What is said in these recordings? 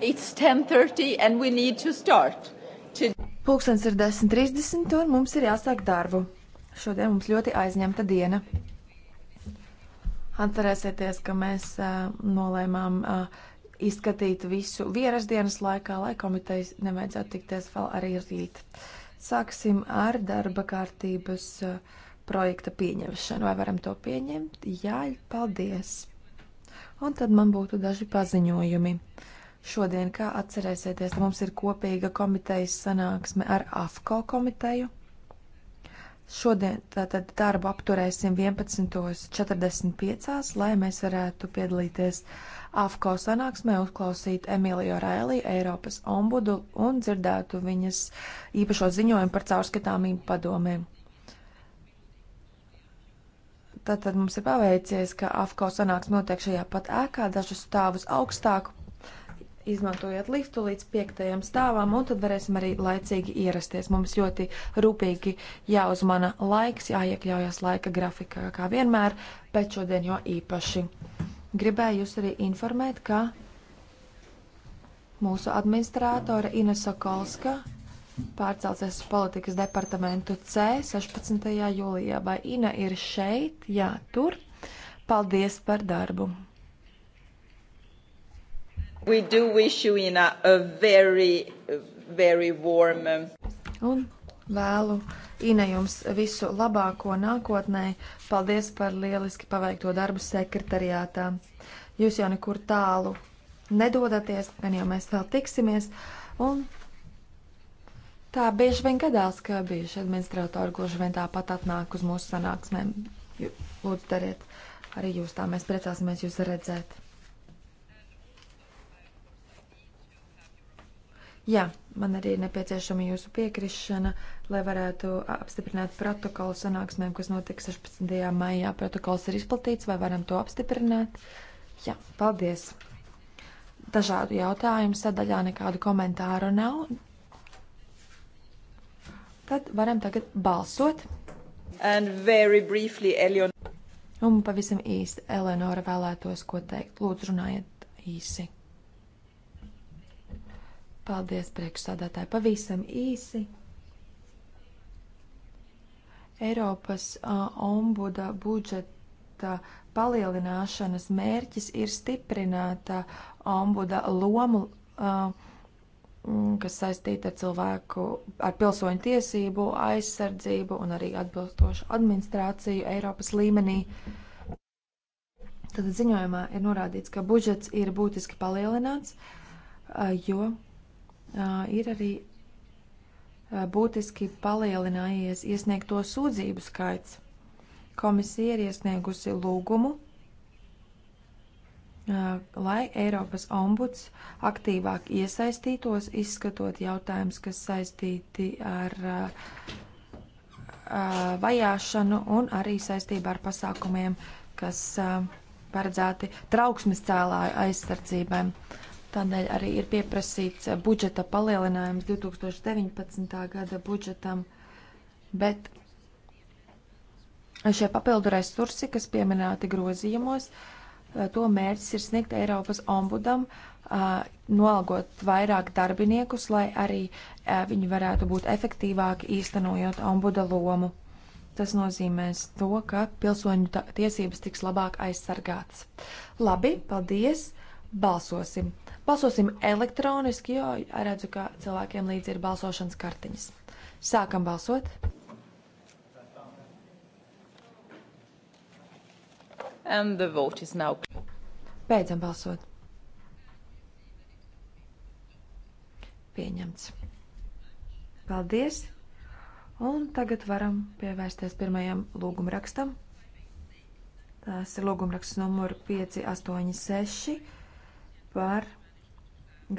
It's 10.30 and we need to start. To... Pūkstens ir 10.30 un mums ir jāsāk darbu. Šodien mums ļoti aizņemta diena. Atcerēsieties, ka mēs uh, nolēmām uh, izskatīt visu vienas dienas laikā, lai komitejas nevajadzētu tikties vēl arī rīt. Sāksim ar darba kārtības uh, projekta pieņemšanu. Vai varam to pieņemt? Jā, paldies! Un tad man būtu daži paziņojumi. Uh, Šodien, kā atcerēsieties, mums ir kopīga komitejas sanāksme ar AFCO komiteju. Šodien tātad darbu apturēsim 11.45, lai mēs varētu piedalīties AFCO sanāksmē, uzklausīt Emīliju Rēlī, Eiropas ombudu, un dzirdētu viņas īpašo ziņojumu par caurskatāmību padomēm. Tātad mums ir paveicies, ka AFCO sanāks notiek šajā pat ēkā, dažus stāvus augstāk izmantojiet liftu līdz piektajam stāvam, un tad varēsim arī laicīgi ierasties. Mums ļoti rūpīgi jāuzmana laiks, jāiekļaujas laika grafikā, kā vienmēr, bet šodien jo īpaši. Gribēju jūs arī informēt, ka mūsu administrātore Inesa Kolska pārcelsies uz politikas departamentu C 16. jūlijā. Vai Ina ir šeit? Jā, tur. Paldies par darbu! We do wish you in a, a very, very warm. Um, Un vēlu Ina jums visu labāko nākotnē. Paldies par lieliski paveikto darbu sekretariātā. Jūs jau nekur tālu nedodaties, gan jau mēs vēl tiksimies. Un tā bieži vien gadās, ka bijuši administratori gluži vien tāpat atnāk uz mūsu sanāksmēm. Lūdzu, dariet arī jūs tā. Mēs priecāsimies jūs redzēt. Jā, man arī ir nepieciešama jūsu piekrišana, lai varētu apstiprināt protokolu sanāksmēm, kas notiks 16. maijā. Protokols ir izplatīts, vai varam to apstiprināt? Jā, paldies. Dažādu jautājumu sadaļā nekādu komentāru nav. Tad varam tagad balsot. Briefly, Eleon Un pavisam īsti, Eleonora, vēlētos ko teikt. Lūdzu, runājiet īsi. Paldies, priekšsādātāji. Pavisam īsi. Eiropas uh, ombuda budžeta palielināšanas mērķis ir stiprināt uh, ombuda lomu, uh, kas saistīta ar cilvēku, ar pilsoņu tiesību, aizsardzību un arī atbilstošu administrāciju Eiropas līmenī. Tad ziņojumā ir norādīts, ka budžets ir būtiski palielināts, uh, jo ir arī būtiski palielinājies iesniegto sūdzību skaits. Komisija ir iesniegusi lūgumu, lai Eiropas ombuds aktīvāk iesaistītos, izskatot jautājumus, kas saistīti ar vajāšanu un arī saistībā ar pasākumiem, kas paredzēti trauksmes cēlāju aizsardzībai. Tādēļ arī ir pieprasīts eh, budžeta palielinājums 2019. gada budžetam, bet šie papildu resursi, kas pieminēti grozījumos, eh, to mērķis ir sniegt Eiropas ombudam, eh, nolgot vairāk darbiniekus, lai arī viņi varētu būt efektīvāki īstenojot ombuda lomu. Tas nozīmēs to, ka pilsoņu tiesības tiks labāk aizsargātas. Labi, paldies! Balsosim. Balsosim elektroniski, jo redzu, ka cilvēkiem līdzi ir balsošanas kartiņas. Sākam balsot. And the vote is now. Beidzam balsot. Pieņemts. Paldies! Un tagad varam pievērsties pirmajam lūgumrakstam. Tas ir lūgumraksts numur 586 par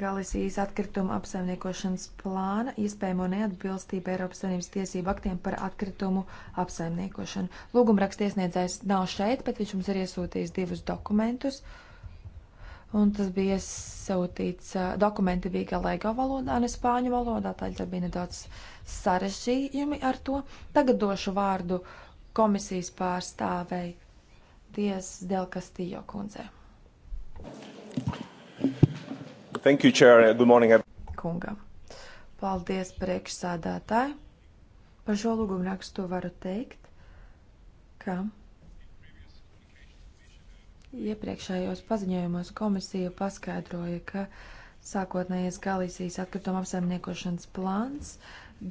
Galisijas atkritumu apsaimniekošanas plāna iespējamo neatbilstību Eiropas Savienības tiesību aktiem par atkritumu apsaimniekošanu. Lūgumraksts iesniedzējs nav šeit, bet viņš mums ir iesūtījis divus dokumentus. Un tas bija iesūtīts, dokumenti bija galēgo valodā, ne spāņu valodā, tādēļ bija nedaudz sarežģījumi ar to. Tagad došu vārdu komisijas pārstāvei Dievs Delkastījo kundzei. Thank you, Chair. Good morning. Kungam. Paldies, priekšsādātāji. Par šo lūgumu rakstu varu teikt, ka iepriekšējos paziņojumos komisija paskaidroja, ka sākotnējais Galīsijas atkrituma apsaimniekošanas plāns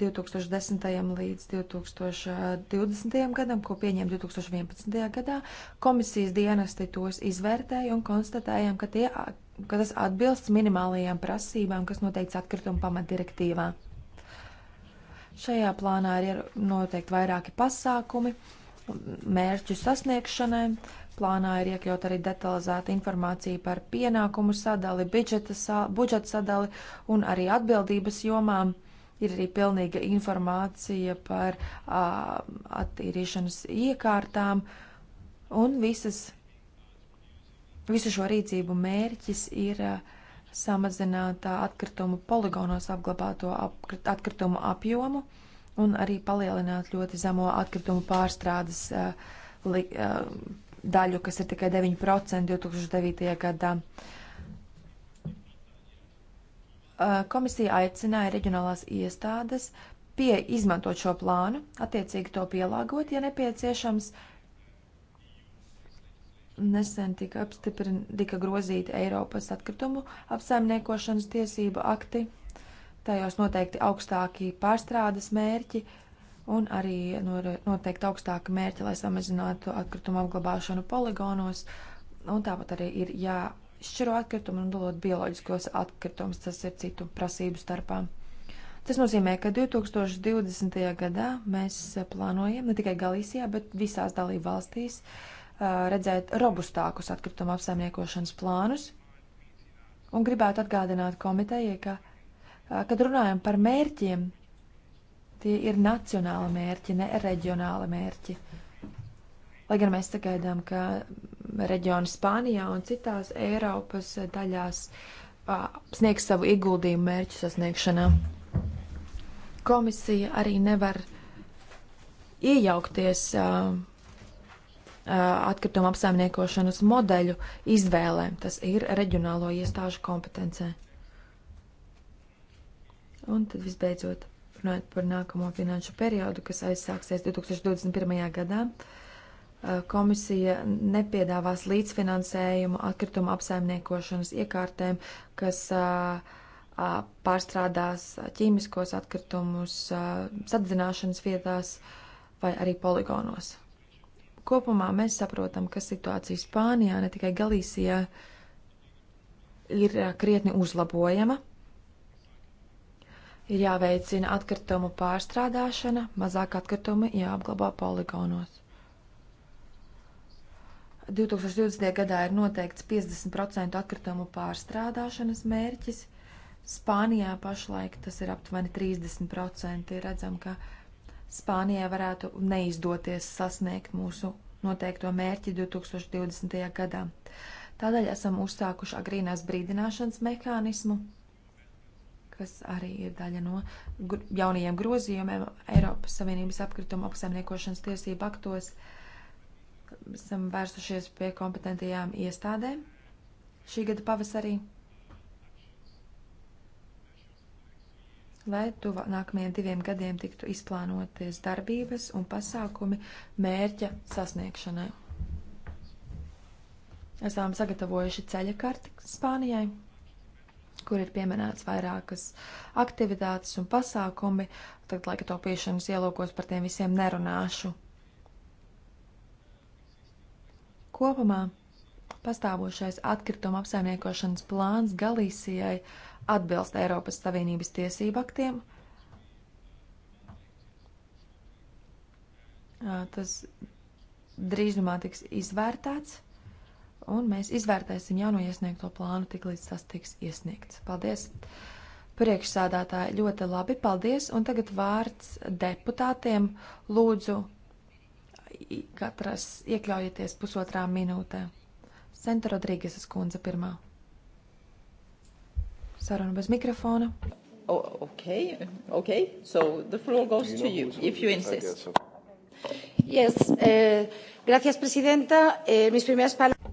2010. līdz 2020. gadam, ko pieņēma 2011. gadā. Komisijas dienesti tos izvērtēja un konstatējām, ka tie ka tas atbilst minimālajām prasībām, kas noteikts atkrituma pamatdirektīvā. Šajā plānā ir noteikti vairāki pasākumi mērķu sasniegšanai. Plānā ir iekļaut arī detalizēta informācija par pienākumu sadali, budžeta, sa, budžeta sadali un arī atbildības jomām. Ir arī pilnīga informācija par a, attīrīšanas iekārtām un visas visu šo rīcību mērķis ir uh, samazināt uh, atkritumu poligonos apglabāto atkritumu apjomu un arī palielināt ļoti zemo atkritumu pārstrādes uh, daļu, kas ir tikai 9% 2009. gadā. Komisija aicināja reģionālās iestādes pie izmantot šo plānu, attiecīgi to pielāgot, ja nepieciešams, uh, nesen tika apstiprināta, tika grozīta Eiropas atkritumu apsaimniekošanas tiesība akti. Tajos noteikti augstāki pārstrādes mērķi un arī noteikti augstāki mērķi, lai samazinātu atkritumu apglabāšanu poligonos. Un tāpat arī ir jāšķiro atkritumu un dalot bioloģiskos atkritumus, tas ir citu prasību starpā. Tas nozīmē, ka 2020. gadā mēs plānojam ne tikai Galīsijā, bet visās dalību valstīs uh, redzēt robustākus atkrituma apsaimniekošanas plānus. Un gribētu atgādināt komitejai, ka, kad runājam par mērķiem, tie ir nacionāli mērķi, ne reģionāli mērķi. Lai gan mēs sagaidām, ka reģioni Spānijā un citās Eiropas daļās sniegs savu ieguldījumu mērķu sasniegšanā. Komisija arī nevar iejaukties uh, Uh, atkrituma apsaimniekošanas modeļu izvēlēm. Tas ir reģionālo iestāžu kompetencē. Un tad visbeidzot, runājot par nākamo finanšu periodu, kas aizsāksies 2021. gadā, uh, komisija nepiedāvās līdzfinansējumu atkrituma apsaimniekošanas iekārtēm, kas uh, pārstrādās ķīmiskos atkritumus, sadzināšanas vietās vai arī poligonos. Kopumā mēs saprotam, ka situācija Spānijā, ne tikai Galīsijā, ir krietni uzlabojama. Ir jāveicina atkritumu pārstrādāšana, mazāk atkritumu jāapglabā poligonos. 2020. gadā ir noteikts 50% atkritumu pārstrādāšanas mērķis. Spānijā pašlaik tas ir aptuveni 30%. Redzam, ka uh, Spānijai varētu neizdoties sasniegt mūsu noteikto mērķi 2020. gadā. Tādēļ esam uzsākuši agrīnās brīdināšanas mehānismu, kas arī ir daļa no gr jaunajiem grozījumiem Eiropas Savienības apkrituma apsaimniekošanas tiesību aktos. Esam vērsušies pie kompetentajām iestādēm šī gada pavasarī lai tuva nākamajiem diviem gadiem tiktu izplānoties darbības un pasākumi mērķa sasniegšanai. Esam sagatavojuši ceļa karti Spānijai, kur ir pieminēts vairākas aktivitātes un pasākumi. Tagad laika taupīšanas ielūkos par tiem visiem nerunāšu. Kopumā pastāvošais atkrituma apsaimniekošanas plāns Galīsijai atbilst Eiropas Savienības tiesību aktiem. Tas drīzumā tiks izvērtēts, un mēs izvērtēsim jauno iesniegto plānu, tik līdz tas tiks iesniegts. Paldies! Priekšsādātāji ļoti labi, paldies! Un tagad vārds deputātiem lūdzu katras iekļaujieties pusotrā minūtē. Senta Rodrīgas skundze pirmā. Saruna bez mikrofona. Oh, okay, okay. So the floor goes you to you, if you insist. So. Yes, eh, gracias, presidenta. Eh, mis primeras palabras.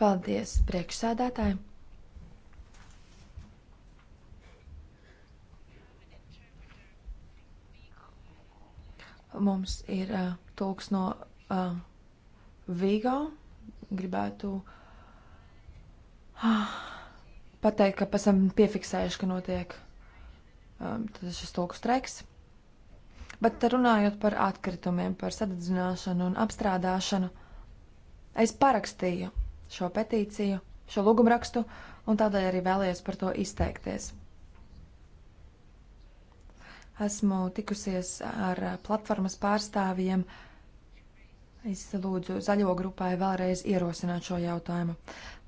Paldies, priekšsēdētāji. Mums ir uh, eh, tulks no uh, Vigo. Gribētu. Uh, pateikt, ka esam piefiksējuši, ka notiek um, šis tulku streiks. Bet runājot par atkritumiem, par sadedzināšanu un apstrādāšanu, es parakstīju šo petīciju, šo lūgumrakstu, un tādēļ arī vēlējos par to izteikties. Esmu tikusies ar platformas pārstāvjiem, uh, Es lūdzu zaļo grupai vēlreiz ierosināt šo jautājumu.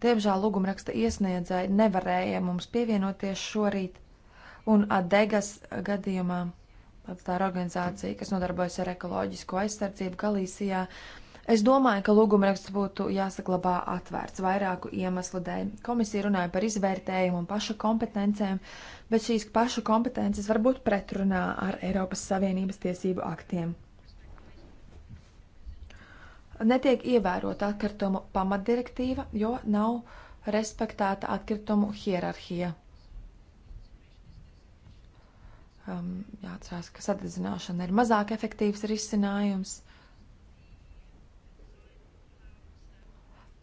Diemžēl lūgumraksta iesniedzēji nevarēja mums pievienoties šorīt, un Adegas gadījumā, tā ir organizācija, kas nodarbojas ar ekoloģisko aizsardzību Galīsijā, es domāju, ka lūgumraksts būtu jāsaglabā atvērts vairāku iemeslu dēļ. Komisija runāja par izvērtējumu un pašu kompetencēm, bet šīs pašu kompetences var būt pretrunā ar Eiropas Savienības tiesību aktiem netiek ievērota atkritumu pamatdirektīva, jo nav respektēta atkritumu hierarhija. Um, jāatcerās, ka sadedzināšana ir mazāk efektīvs risinājums.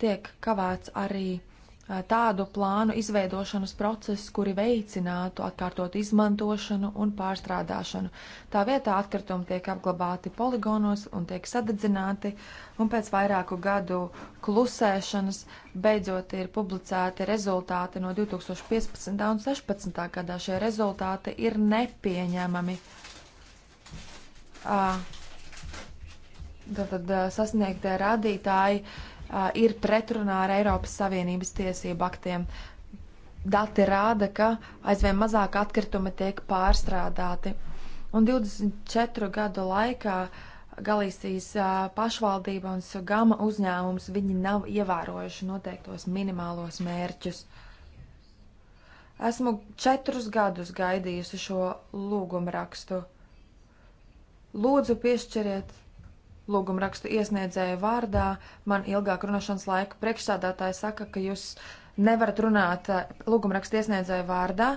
Tiek kavēts arī tādu plānu izveidošanas procesus, kuri veicinātu atkārtot izmantošanu un pārstrādāšanu. Tā vietā atkritumi tiek apglabāti poligonos un tiek sadedzināti, un pēc vairāku gadu klusēšanas beidzot ir publicēti rezultāti no 2015. un 2016. gadā. Šie rezultāti ir nepieņemami. Tātad sasniegtie rādītāji ir pretrunā ar Eiropas Savienības tiesību aktiem. Dati rāda, ka aizvien mazāk atkritumi tiek pārstrādāti. Un 24 gadu laikā Galīsijas pašvaldība un Sugama uzņēmums viņi nav ievērojuši noteiktos minimālos mērķus. Esmu četrus gadus gaidījusi šo lūgumu rakstu. Lūdzu, piešķiriet lūguma rakstu iesniedzēju vārdā. Man ilgāk runāšanas laika priekšsādātāja saka, ka jūs nevarat runāt eh, lūguma rakstu iesniedzēju vārdā.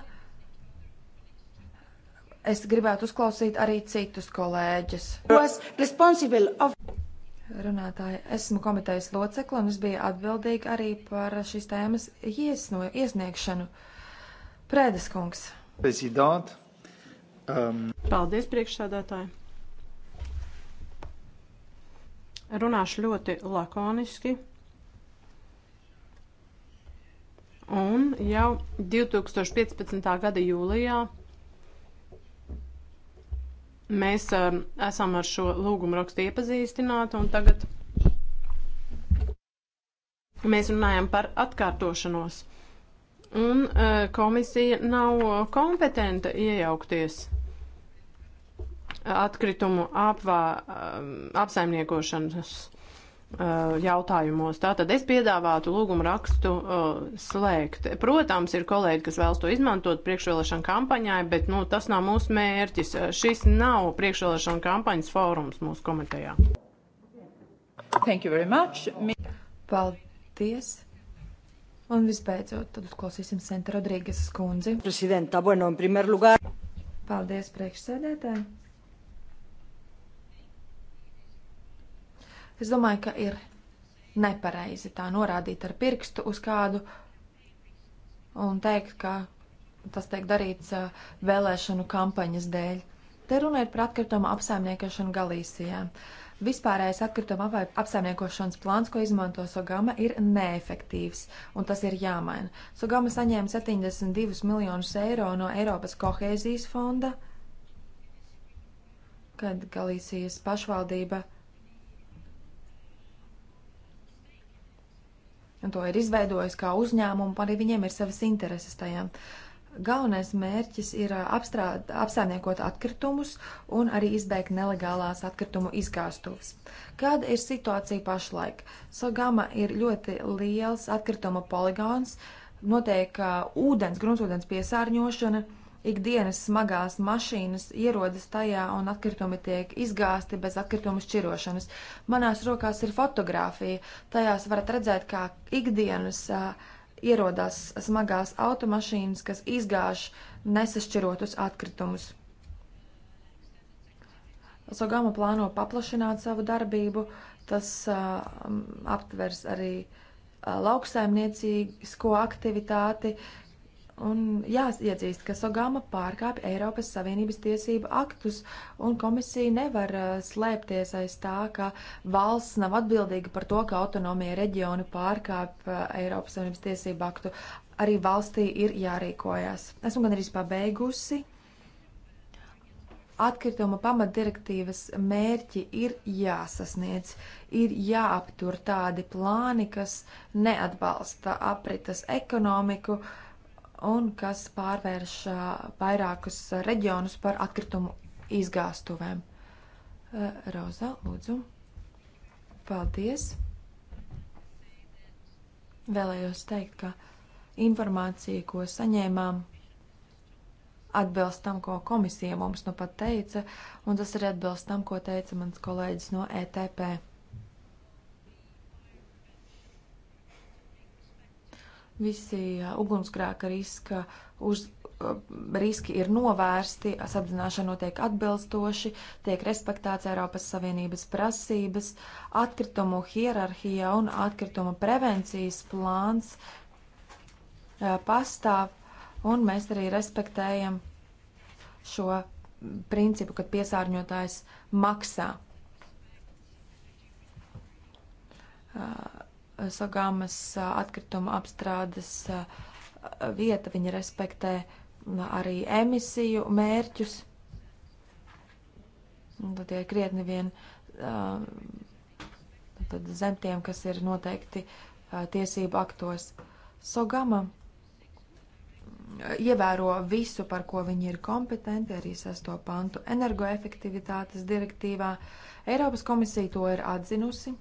Es gribētu uzklausīt arī citus kolēģus. Of... Runātāji, esmu komitejas locekla un es biju atbildīga arī par šīs tēmas iesno, iesniegšanu. Prēdes kungs. Prezident. Um... Paldies, priekšsādātāji. Runāšu ļoti lakoniski. Un jau 2015. gada jūlijā mēs uh, esam ar šo lūgumu rakstu iepazīstināti, un tagad mēs runājam par atkārtošanos. Un uh, komisija nav kompetenta iejaukties atkritumu apvā, um, apsaimniekošanas uh, jautājumos. Tātad es piedāvātu lūgumu rakstu uh, slēgt. Protams, ir kolēģi, kas vēlas to izmantot priekšvēlēšana kampaņai, bet nu, tas nav mūsu mērķis. Uh, šis nav priekšvēlēšana kampaņas fórums mūsu komitejā. Thank you very much. Mi Paldies. Un visbeidzot, tad uzklausīsim Senta Rodrīgas skundzi. Presidenta, bueno, en primer lugar. Paldies priekšsēdētāji. Es domāju, ka ir nepareizi tā norādīt ar pirkstu uz kādu un teikt, ka tas tiek darīts uh, vēlēšanu kampaņas dēļ. Te runa ir par atkritumu apsaimniekošanu Galīsijā. Vispārējais atkrituma apsaimniekošanas plāns, ko izmanto Sogama, ir neefektīvs, un tas ir jāmaina. Sogama saņēma 72 miljonus eiro no Eiropas kohēzijas fonda, kad Galīsijas pašvaldība un to ir izveidojis kā uzņēmumu, arī viņiem ir savas intereses tajā. Galvenais mērķis ir apstrād, apsaimniekot atkritumus un arī izbeigt nelegālās atkritumu izkāstuves. Kāda ir situācija pašlaik? Sagama ir ļoti liels atkrituma poligons, notiek uh, ūdens, gruntsūdens piesārņošana, uh, ikdienas smagās mašīnas ierodas tajā un atkritumi tiek izgāsti bez atkritumu šķirošanas. Manās rokās ir fotografija. Tajās varat redzēt, kā ikdienas uh, ierodas smagās automašīnas, kas izgāž nesašķirotus atkritumus. Sogama plāno paplašināt savu darbību. Tas uh, aptvers arī uh, lauksaimniecīgo aktivitāti, uh, Un jāatzīst, ka Sogama pārkāpja Eiropas Savienības tiesību aktus, un komisija nevar uh, slēpties aiz tā, ka valsts nav atbildīga par to, ka autonomija reģioni pārkāpja uh, Eiropas Savienības tiesību aktu. Arī valstī ir jārīkojas. Esmu gan arī pabeigusi. Atkrituma pamatdirektīvas mērķi ir jāsasniedz, ir jāaptur tādi plāni, kas neatbalsta apritas ekonomiku, uh, un kas pārvērš vairākus reģionus par atkritumu izgāstuvēm. Roza, lūdzu. Paldies. Vēlējos teikt, ka informācija, ko saņēmām, atbilst tam, ko komisija mums nu pat teica, un tas arī atbilst tam, ko teica mans kolēģis no ETP. Visi ugunsgrēka riska uz riski ir novērsti, apzināšana notiek atbilstoši, tiek respektēts Eiropas Savienības prasības, atkritumu hierarhija un atkritumu prevencijas plāns pastāv, un mēs arī respektējam šo principu, kad piesārņotājs maksā. Sogāmas atkrituma apstrādes vieta, viņa respektē arī emisiju mērķus. Tad tie krietni vien tad zem tiem, kas ir noteikti tiesību aktos. Sogama ievēro visu, par ko viņi ir kompetenti, arī sesto pantu energoefektivitātes direktīvā. Eiropas komisija to ir atzinusi.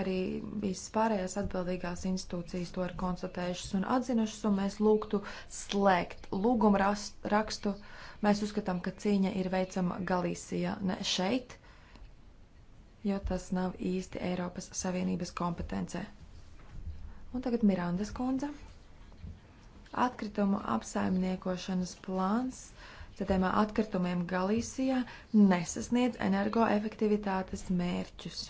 Arī visas pārējās atbildīgās institūcijas to ir konstatējušas un atzinušas, un mēs lūgtu slēgt lūgumu rakstu. Mēs uzskatām, ka cīņa ir veicama Galīsijā, ne šeit, jo tas nav īsti Eiropas Savienības kompetencē. Un tagad Mirandas kundze. Atkritumu apsaimniekošanas plāns citiem atkritumiem Galīsijā nesasniedz energoefektivitātes mērķus.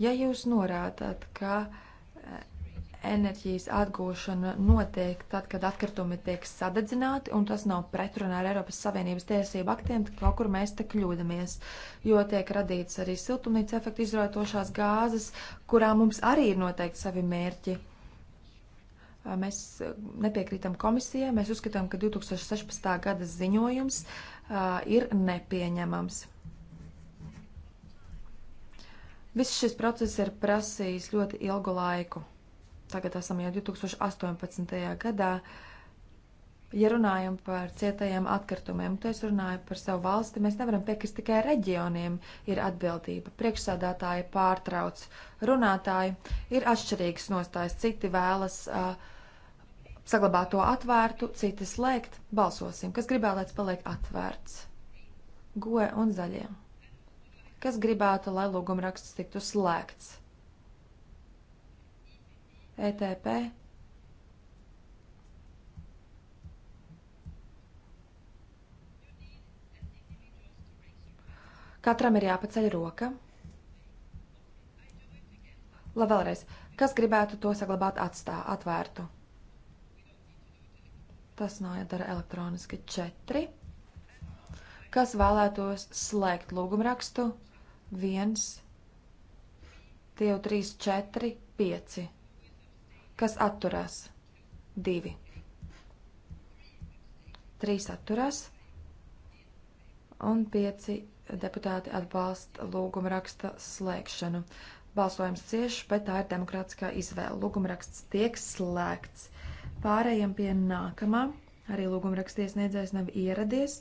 Ja jūs norādāt, ka eh, enerģijas atgūšana notiek tad, kad atkritumi tiek sadedzināti, un tas nav pretrunā ar Eiropas Savienības tiesību aktiem, tad kaut kur mēs te kļūdamies, jo tiek radīts arī siltumnīca efekta izrotošās gāzes, kurām mums arī ir noteikti savi mērķi. Eh, mēs eh, nepiekrītam komisijai, mēs uzskatām, ka 2016. gada ziņojums uh, ir nepieņemams. Viss šis process ir prasījis ļoti ilgu laiku. Tagad esam jau 2018. gadā. Ja runājam par cietajiem atkritumiem, tad es runāju par savu valsti. Mēs nevaram piekrist tikai reģioniem, ir atbildība. Priekšsādātāji pārtrauc runātāji, ir atšķirīgas nostājas. Citi vēlas uh, saglabāt to atvērtu, citi slēgt. Balsosim, kas gribēlēts paliek atvērts. Goe un zaļiem kas gribētu, lai lūgumraksts tiktu slēgts. ETP. Katram ir jāpaceļ roka. Lai vēlreiz, kas gribētu to saglabāt atstā, atvērtu? Tas nav jādara elektroniski četri. Kas vēlētos slēgt lūgumrakstu? rakstu? viens, tie jau trīs, četri, pieci. Kas atturās? Divi. Trīs atturās un pieci deputāti atbalsta lūguma raksta slēgšanu. Balsojums ciešs, bet tā ir demokrātiskā izvēle. Lūguma raksts tiek slēgts. Pārējiem pie nākamā. Arī lūguma raksties niedzējs nav ieradies.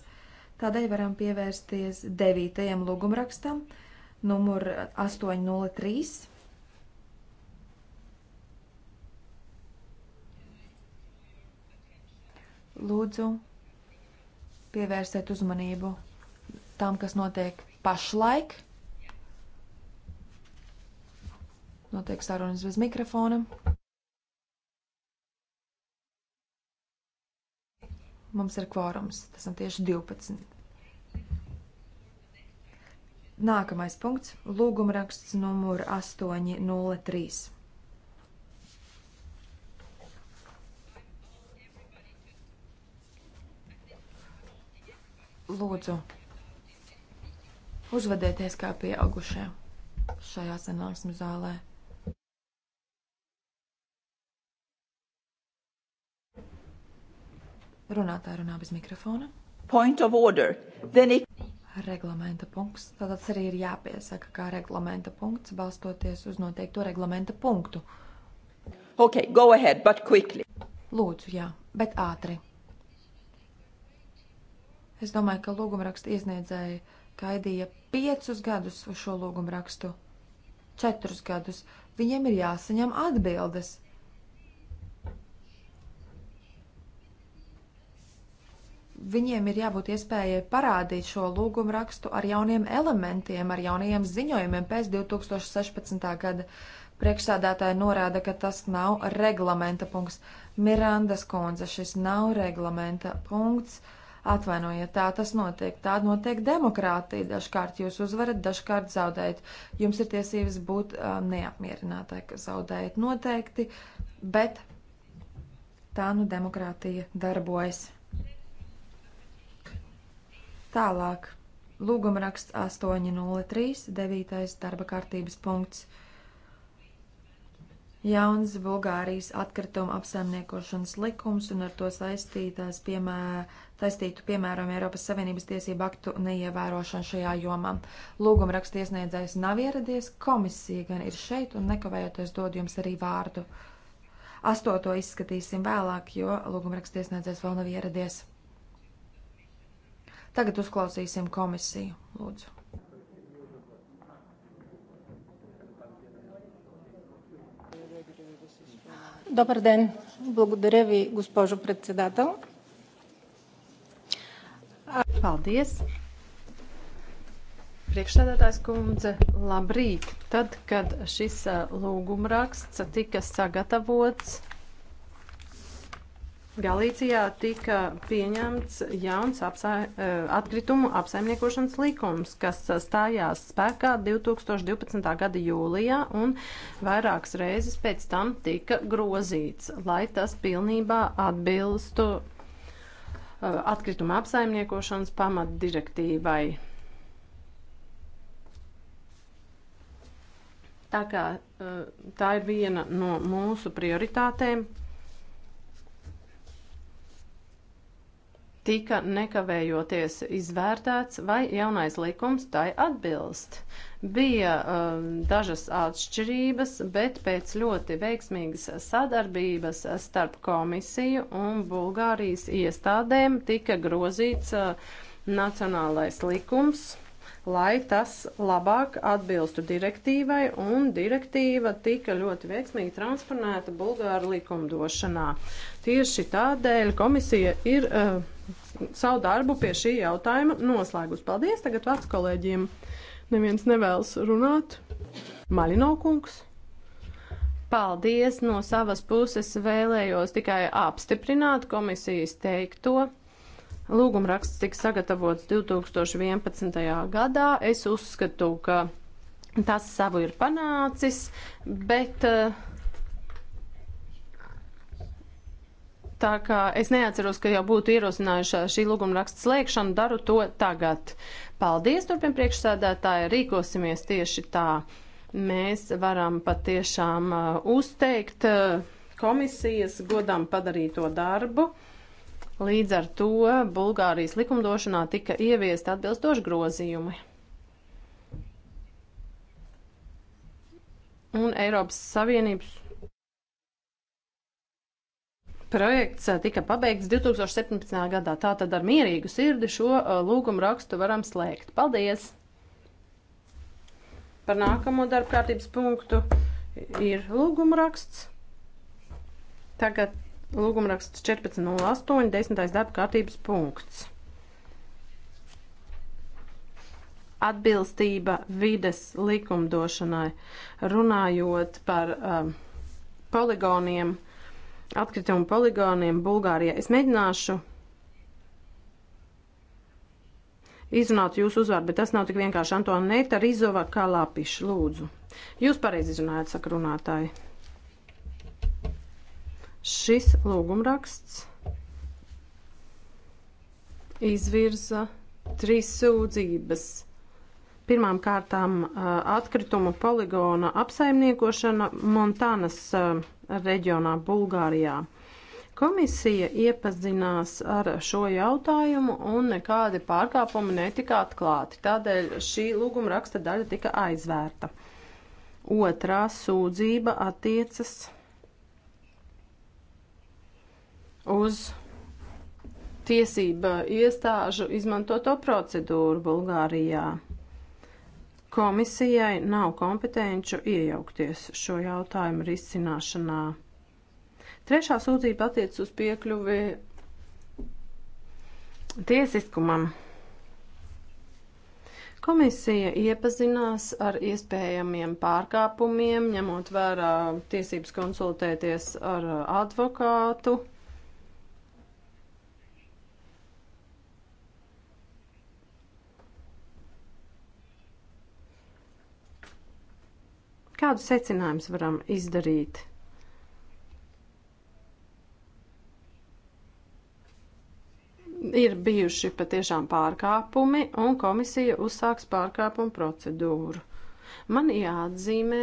Tādēļ varam pievērsties devītajam lūguma rakstam. Uh, numur 803. Lūdzu, pievērsiet uzmanību tam, kas notiek pašlaik. Notiek sarunas bez mikrofona. Mums ir kvorums, tas ir tieši 12. Nākamais punkts - lūgumraksts numur 803. Lūdzu, uzvedieties kā pieaugušie šajā sanāksmes zālē. Runātāja runā bez mikrofona. Point of order. Then it reglamenta punkts. Tātad arī ir jāpiesaka, kā reglamenta punkts, balstoties uz noteikto reglamenta punktu. Ok, go ahead, but quickly. Lūdzu, jā, bet ātri. Es domāju, ka lūgumraksta iesniedzēji gaidīja piecus gadus uz šo lūgumrakstu. Četrus gadus. Viņiem ir jāsaņem atbildes. viņiem ir jābūt iespējai parādīt šo lūgumu rakstu ar jauniem elementiem, ar jaunajiem ziņojumiem pēc 2016. gada. Priekšsādātāji norāda, ka tas nav reglamenta punkts. Mirandas kundze, šis nav reglamenta punkts. Atvainojiet, tā tas notiek. Tā notiek demokrātija. Dažkārt jūs uzvarat, dažkārt zaudējat. Jums ir tiesības būt um, neapmierinātai, ka zaudējat noteikti, bet tā nu demokrātija darbojas. Tālāk. Lūgumraksts 803, 9. darba kārtības punkts. Jauns Bulgārijas atkrituma apsaimniekošanas likums un ar to saistītās piemēra, saistītu, piemēram, Eiropas Savienības tiesību aktu neievērošanu šajā jomā. Lūgumraksts iesniedzējs nav ieradies, komisija gan ir šeit un nekavējoties dod jums arī vārdu. Astoto izskatīsim vēlāk, jo lūgumraksts iesniedzējs vēl nav ieradies. Tagad uzklausīsim komisiju. Lūdzu. Добър ден! Благодаря ви, госпожо председател. Paldies! Priekšsēdētājs kundze, labrīt! Tad, kad šis lūgumraksts tika sagatavots, Galīcijā tika pieņemts jauns apsai, e, atkritumu apsaimniekošanas likums, kas stājās spēkā 2012. gada jūlijā un vairākas reizes pēc tam tika grozīts, lai tas pilnībā atbilstu e, atkrituma apsaimniekošanas pamatdirektīvai. Tā kā e, tā ir viena no mūsu prioritātēm tika nekavējoties izvērtēts, vai jaunais likums tai atbilst. Bija um, dažas atšķirības, bet pēc ļoti veiksmīgas sadarbības starp komisiju un Bulgārijas iestādēm tika grozīts uh, nacionālais likums lai tas labāk atbilstu direktīvai, un direktīva tika ļoti veiksmīgi transponēta Bulgāru likumdošanā. Tieši tādēļ komisija ir uh, savu darbu pie šī jautājuma noslēgus. Paldies tagad vārds kolēģiem. Neviens nevēlas runāt. Maļinokungs. Paldies! No savas puses vēlējos tikai apstiprināt komisijas teikto. Lūgumraksts tika sagatavots 2011. gadā. Es uzskatu, ka tas savu ir panācis, bet uh, Tā kā es neatceros, ka jau būtu ierosinājuši šī lūguma raksta slēgšanu, daru to tagad. Paldies, turpin priekšsēdētāji, rīkosimies tieši tā. Mēs varam patiešām uh, uzteikt uh, komisijas godām padarīto darbu. Līdz ar to Bulgārijas likumdošanā tika ieviest atbilstoši grozījumi. Un Eiropas Savienības projekts eh, tika pabeigts 2017. gadā. Tātad ar mierīgu sirdi šo eh, lūgumu rakstu varam slēgt. Paldies! Par nākamo darbkārtības punktu ir lūgumu raksts. Tagad Lūgumraksts 14.08, 10. darba kārtības punkts. Atbilstība vides likumdošanai, runājot par um, poligoniem, atkritumu poligoniem Bulgārijā. Es mēģināšu izrunāt jūsu uzvārdu, bet tas nav tik vienkārši. Antonieta Rizova Kalapiš, lūdzu. Jūs pareizi izrunājat, saka runātāji. Šis lūgumraksts izvirza trīs sūdzības. Pirmām kārtām atkritumu poligona apsaimniekošana Montānas reģionā Bulgārijā. Komisija iepazinās ar šo jautājumu un nekādi pārkāpumi netika atklāti. Tādēļ šī lūguma raksta daļa tika aizvērta. Otrā sūdzība attiecas uz tiesība iestāžu izmantoto procedūru Bulgārijā. Komisijai nav kompetenču iejaukties šo jautājumu risināšanā. Trešā sūdzība attiec uz piekļuvi tiesiskumam. Komisija iepazinās ar iespējamiem pārkāpumiem, ņemot vērā tiesības konsultēties ar advokātu. Kādu secinājumus varam izdarīt? Ir bijuši patiešām pārkāpumi, un komisija uzsāks pārkāpumu procedūru. Man jāatzīmē,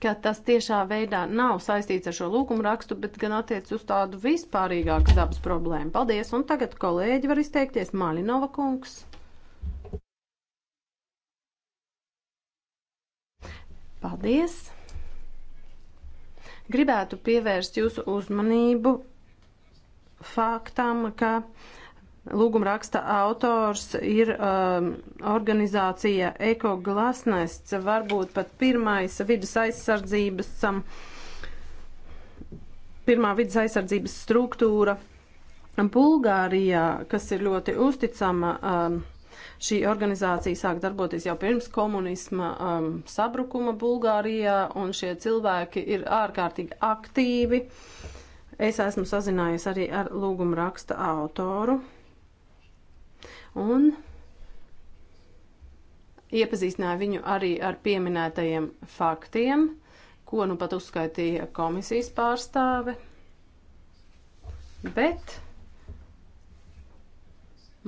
ka tas tiešā veidā nav saistīts ar šo lūgumu rakstu, bet gan attiec uz tādu vispārīgāku dabas problēmu. Paldies, un tagad kolēģi var izteikties Maļinova kungs. Paldies! Gribētu pievērst jūsu uzmanību faktam, ka lūguma raksta autors ir um, organizācija Eko Glasnests, varbūt pat pirmais vidas aizsardzības, um, pirmā vidas aizsardzības struktūra Bulgārijā, kas ir ļoti uzticama. Um, Šī organizācija sāk darboties jau pirms komunisma um, sabrukuma Bulgārijā, un šie cilvēki ir ārkārtīgi aktīvi. Es esmu sazinājies arī ar lūguma raksta autoru. Un iepazīstināja viņu arī ar pieminētajiem faktiem, ko nu pat uzskaitīja komisijas pārstāve. Bet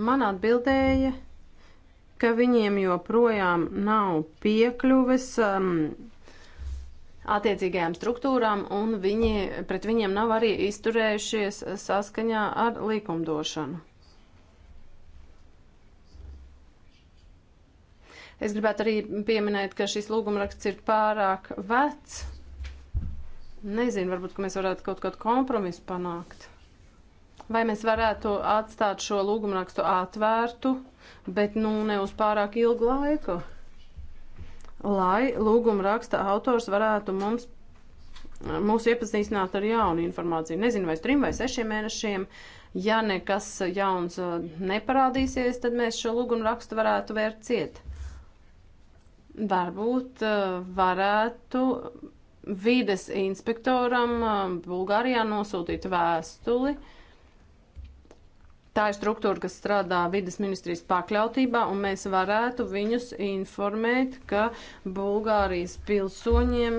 man atbildēja, ka viņiem joprojām nav piekļuves um, attiecīgajām struktūrām, un viņi, pret viņiem nav arī izturējušies saskaņā ar likumdošanu. Es gribētu arī pieminēt, ka šis lūgumraksts ir pārāk vecs. Nezinu, varbūt, ka mēs varētu kaut kādu kompromisu panākt. Vai mēs varētu atstāt šo lūgumrakstu atvērtu bet nu ne uz pārāk ilgu laiku, lai lūguma raksta autors varētu mums, mūs iepazīstināt ar jaunu informāciju. Nezinu, vai trim vai sešiem mēnešiem. Ja nekas jauns uh, neparādīsies, tad mēs šo lūgumu rakstu varētu vērt ciet. Varbūt uh, varētu vides inspektoram uh, Bulgārijā nosūtīt vēstuli, uh, Tā ir struktūra, kas strādā vidas ministrijas pakļautībā, un mēs varētu viņus informēt, ka Bulgārijas pilsoņiem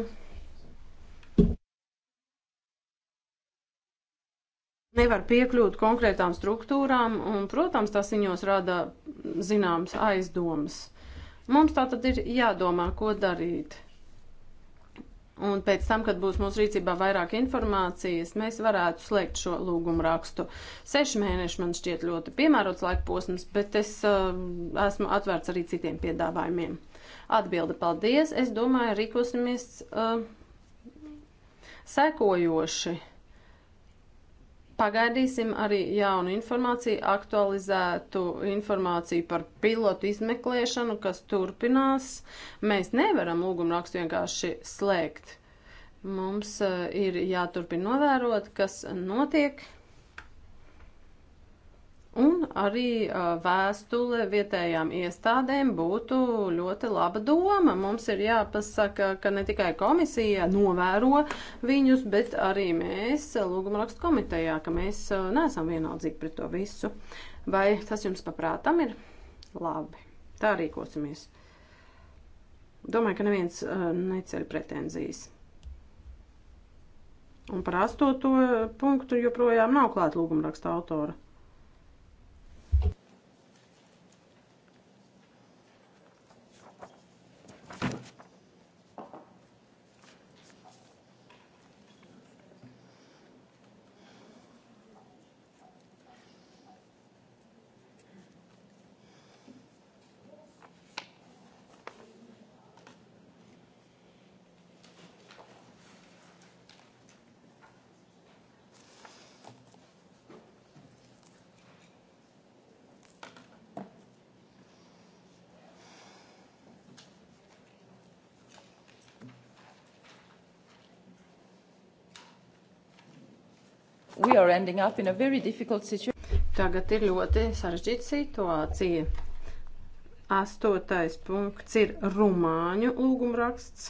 nevar piekļūt konkrētām struktūrām, un, protams, tas viņos rada zināmas aizdomas. Mums tā tad ir jādomā, ko darīt. Un pēc tam, kad būs mūsu rīcībā vairāk informācijas, mēs varētu slēgt šo lūgumu rakstu. Seši mēneši man šķiet ļoti piemērots laika posms, bet es uh, esmu atvērts arī citiem piedāvājumiem. Atbilde paldies. Es domāju, rīkosimies uh, sekojoši. Uh, Pagaidīsim arī jaunu informāciju, aktualizētu informāciju par pilotu izmeklēšanu, kas turpinās. Mēs nevaram lūgumrakstu vienkārši slēgt. Mums eh, ir jāturpina novērot, kas notiek. Un arī vēstule vietējām iestādēm būtu ļoti laba doma. Mums ir jāpasaka, ka ne tikai komisija novēro viņus, bet arī mēs lūgumrakstu komitejā, ka mēs neesam vienaldzīgi pret to visu. Vai tas jums paprātam ir? Labi, tā rīkosimies. Domāju, ka neviens neceļ pretenzijas. Un par astoto punktu joprojām nav klāt lūgumraksta autora. we are ending up in a very difficult situation. Tagad ir ļoti sarežģīta situācija. Astotais punkts ir Rumāņu lūgumraksts,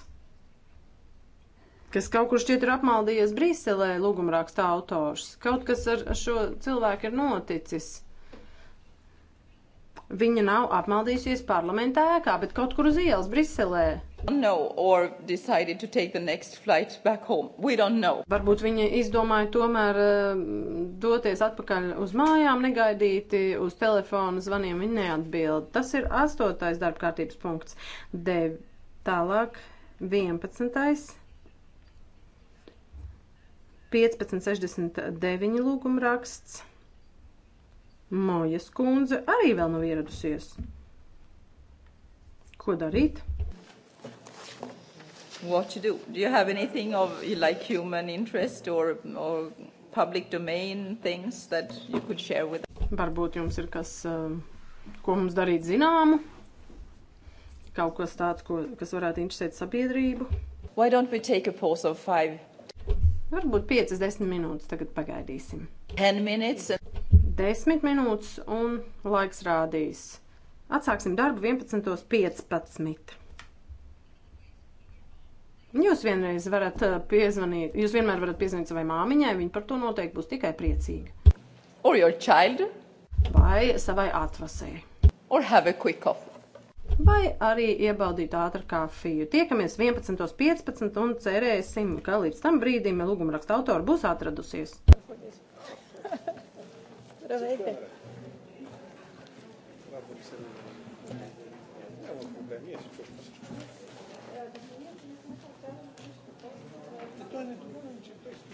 kas kaut kur šķiet ir apmaldījies Briselē lūgumraksta autors. Kaut kas ar šo cilvēku ir noticis. Viņa nav apmaldījusies parlamentā ēkā, bet kaut kur uz ielas Briselē. No, Varbūt viņa izdomāja tomēr eh, doties atpakaļ uz mājām, negaidīti uz telefona zvaniem viņa neatbild. Tas ir astotais darbkārtības punkts. Dev. Tālāk 11. 1569 lūgumraksts. Mojas kundze arī vēl nav ieradusies. Ko darīt? What to do? Do you have anything of like human interest or, or public domain things that you could share with us? Varbūt jums ir kas, um, ko mums darīt zināmu? Kaut kas tāds, ko, kas varētu interesēt sabiedrību? Why don't we take a pause of five? Varbūt 5-10 minūtes tagad pagaidīsim. 10 minutes. 10 minūtes un laiks rādīs. Atsāksim darbu 11.15. Jūs vienreiz varat eh, piezvanīt, jūs vienmēr varat piezvanīt savai māmiņai, viņa par to noteikti būs tikai priecīga. Or your child. Vai savai atvasē. Or have a quick coffee. Vai arī iebaudīt ātru kafiju. Tiekamies 11.15 un cerēsim, ka līdz tam brīdim lūgumraksta autora būs atradusies. Provvedete. Guarda, mi serve. Non ho problemi, è successo. E tu hai detto, non c'è questo,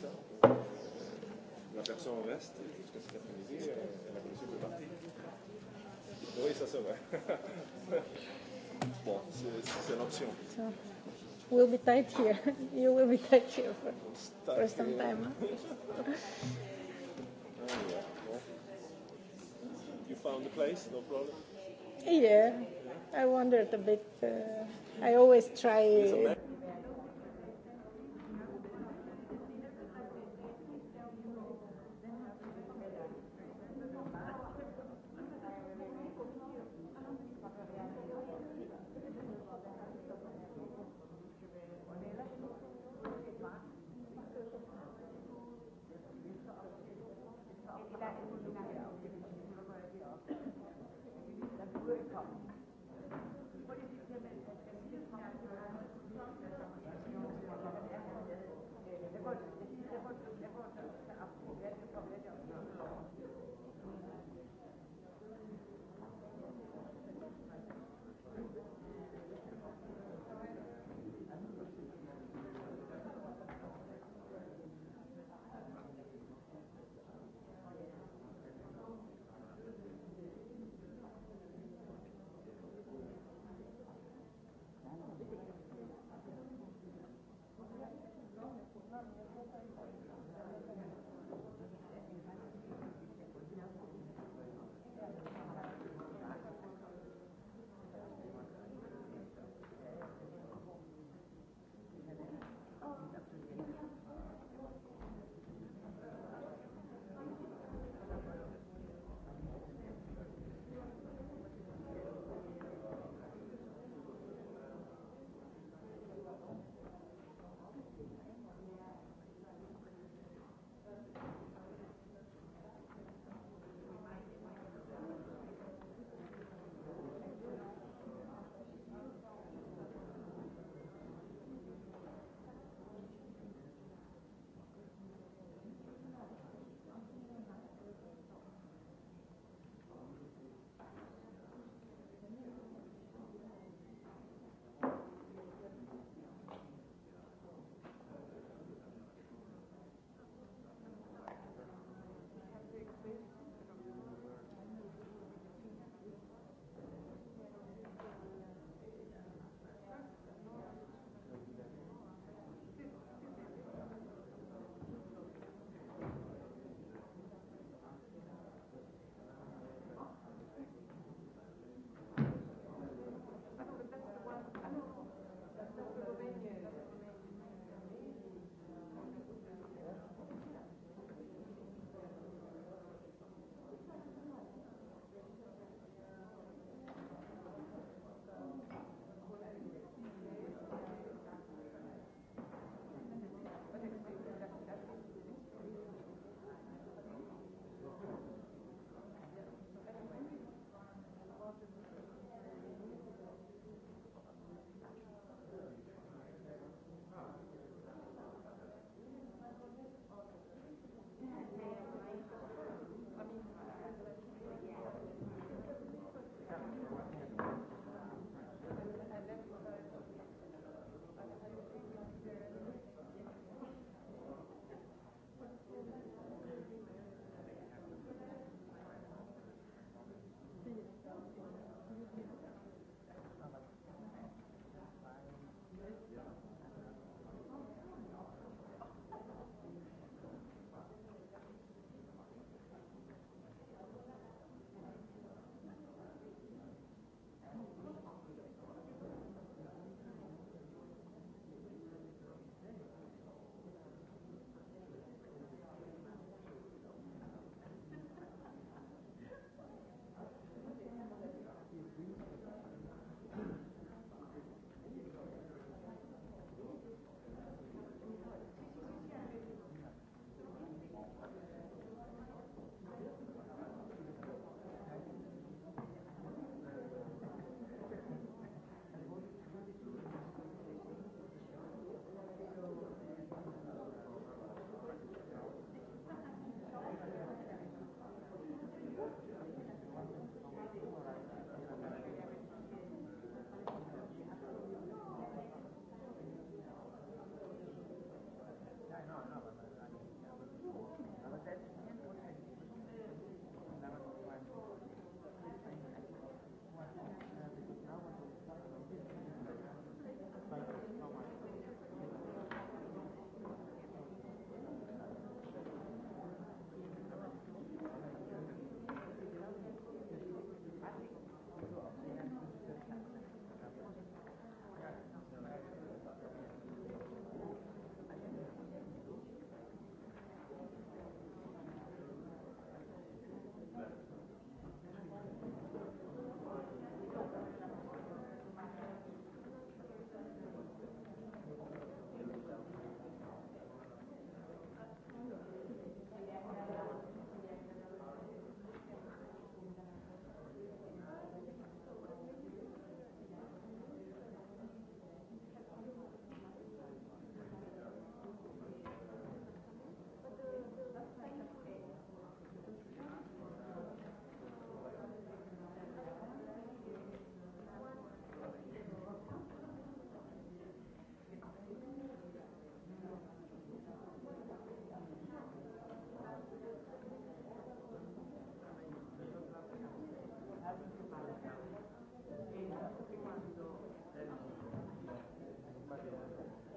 ça. La personne reste jusqu'à cet après-midi et euh, la commission peut partir. Oui, ça, c'est vrai. bon, c'est l'option. So, we'll be tied here. You will be tied here for, Stuck for some here. time. oh, yeah. well, you found the place, no problem? Yeah. yeah. I wondered a bit. Uh, I always try. Gracias.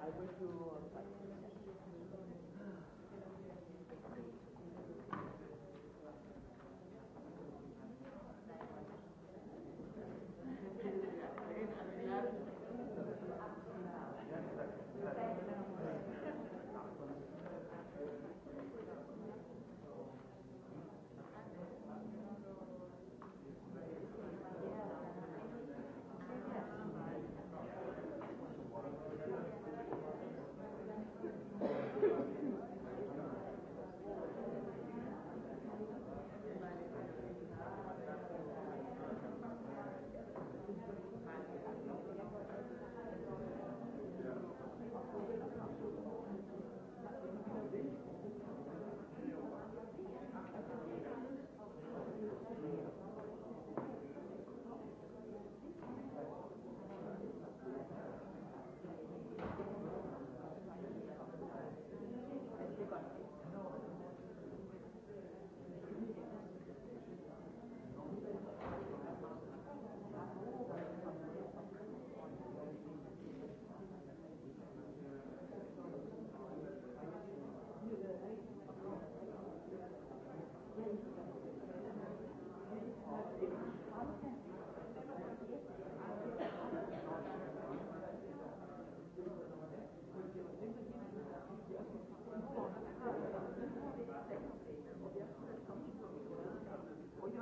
I went to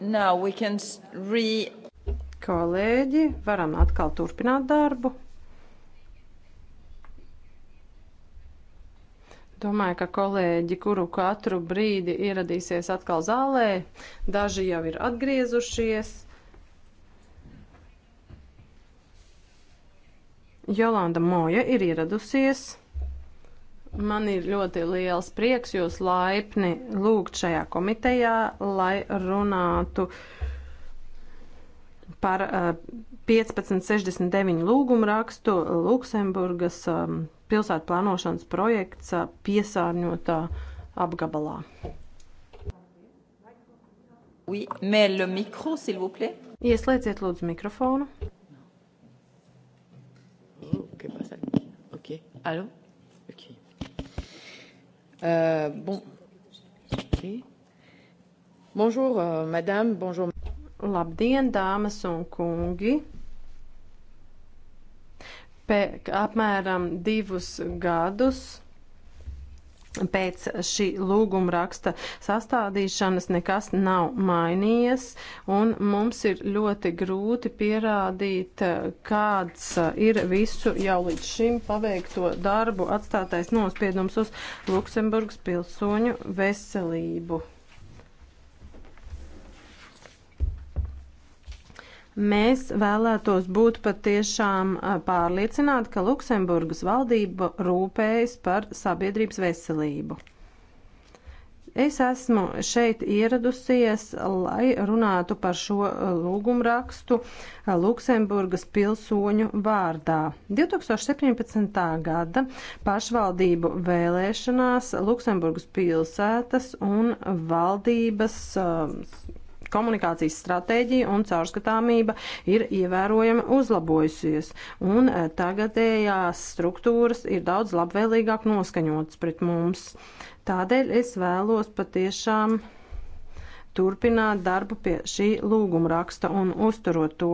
Now we can re... Kolēģi, varam atkal turpināt darbu. Domāju, ka kolēģi, kuru katru brīdi ieradīsies atkal zālē, daži jau ir atgriezušies. Jolanda Moja ir ieradusies. Man ir ļoti liels prieks jūs laipni lūgt šajā komitejā, lai runātu par 1569 eh, lūgumu rakstu Luksemburgas eh, pilsētu plānošanas projekts eh, piesārņotā apgabalā. Oui, mais le micro, s'il vous plaît. Ieslēdziet lūdzu mikrofonu. Ok, pas ça. Ok, allô? Ok. Euh, bon. Okay. Bonjour, euh, madame. Bonjour. Labdien, dāmas un kungi! Pēc apmēram divus gadus Pēc šī lūguma raksta sastādīšanas nekas nav mainījies, un mums ir ļoti grūti pierādīt, eh, kāds eh, ir visu jau līdz šim paveikto darbu atstātais nospiedums uz Luksemburgas pilsoņu veselību. Mēs vēlētos būt patiešām pārliecināti, ka Luksemburgas valdība rūpējas par sabiedrības veselību. Es esmu šeit ieradusies, lai runātu par šo lūgumrakstu Luksemburgas pilsoņu vārdā. 2017. gada pašvaldību vēlēšanās Luksemburgas pilsētas un valdības uh, komunikācijas stratēģija un caurskatāmība ir ievērojami uzlabojusies, un eh, tagadējās struktūras ir daudz labvēlīgāk noskaņotas pret mums. Tādēļ es vēlos patiešām turpināt darbu pie šī lūguma raksta un uzturot to.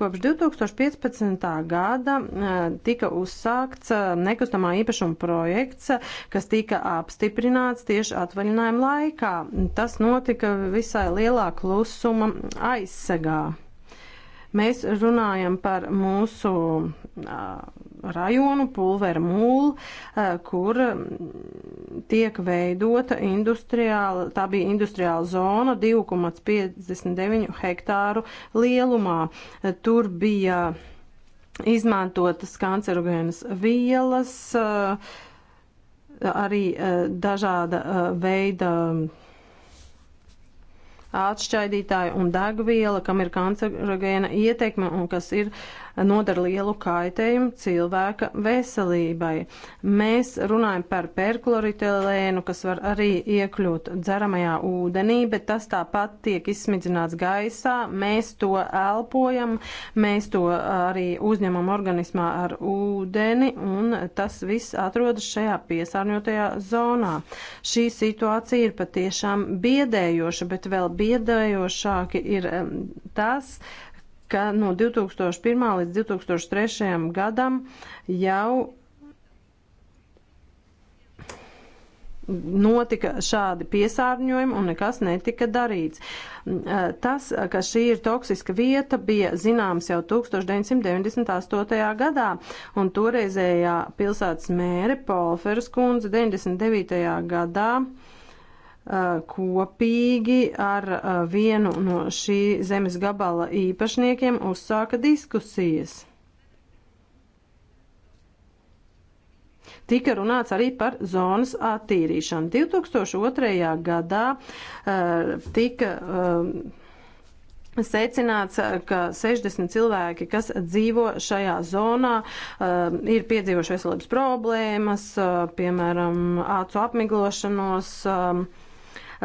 Kopš 2015. gada eh, tika uzsākts eh, nekustamā īpašuma projekts, kas tika apstiprināts tieši atvaļinājuma laikā. Tas notika visai lielā klusuma aizsegā. Mēs runājam par mūsu rajonu Pulvera mūlu, kur tiek veidota industriāla, tā bija industriāla zona 2,59 hektāru lielumā. Tur bija izmantotas kancerogēnas vielas, arī dažāda veida atšķaidītāji un degviela, kam ir kancerogēna ietekme un kas ir uh, nodara lielu kaitējumu cilvēka veselībai. Mēs runājam par perkloritēlēnu, kas var arī iekļūt dzeramajā ūdenī, bet tas tāpat tiek izsmidzināts gaisā. Mēs to elpojam, mēs to uh, arī uzņemam organismā ar ūdeni, un tas viss atrodas šajā piesārņotajā zonā. Šī situācija ir patiešām biedējoša, bet vēl biedējošāki ir um, tas, ka no 2001. līdz 2003. gadam jau notika šādi piesārņojumi un nekas netika darīts. Tas, ka šī ir toksiska vieta, bija zināms jau 1998. gadā, un toreizējā pilsētas mēre Polferas kundze 99. gadā Uh, kopīgi ar uh, vienu no šī zemes gabala īpašniekiem uzsāka diskusijas. tika runāts arī par zonas attīrīšanu. 2002. gadā uh, tika. Uh, Secināts, uh, ka 60 cilvēki, kas dzīvo šajā zonā, uh, ir piedzīvojuši veselības problēmas, uh, piemēram, acu apmiglošanos. Uh,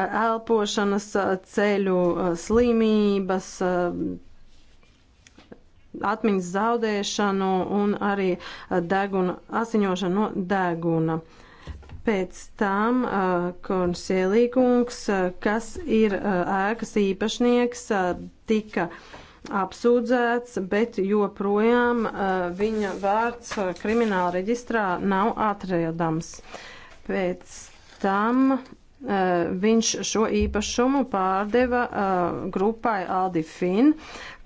elpošanas ceļu slimības, atmiņas zaudēšanu un arī deguna, asiņošanu no deguna. Pēc tam uh, Kornsielīkungs, uh, kas ir uh, ēkas īpašnieks, uh, tika apsūdzēts, bet joprojām uh, viņa vārds uh, krimināla reģistrā nav atrodams. Pēc tam Eh, viņš šo īpašumu pārdeva uh, grupai Aldi Fin,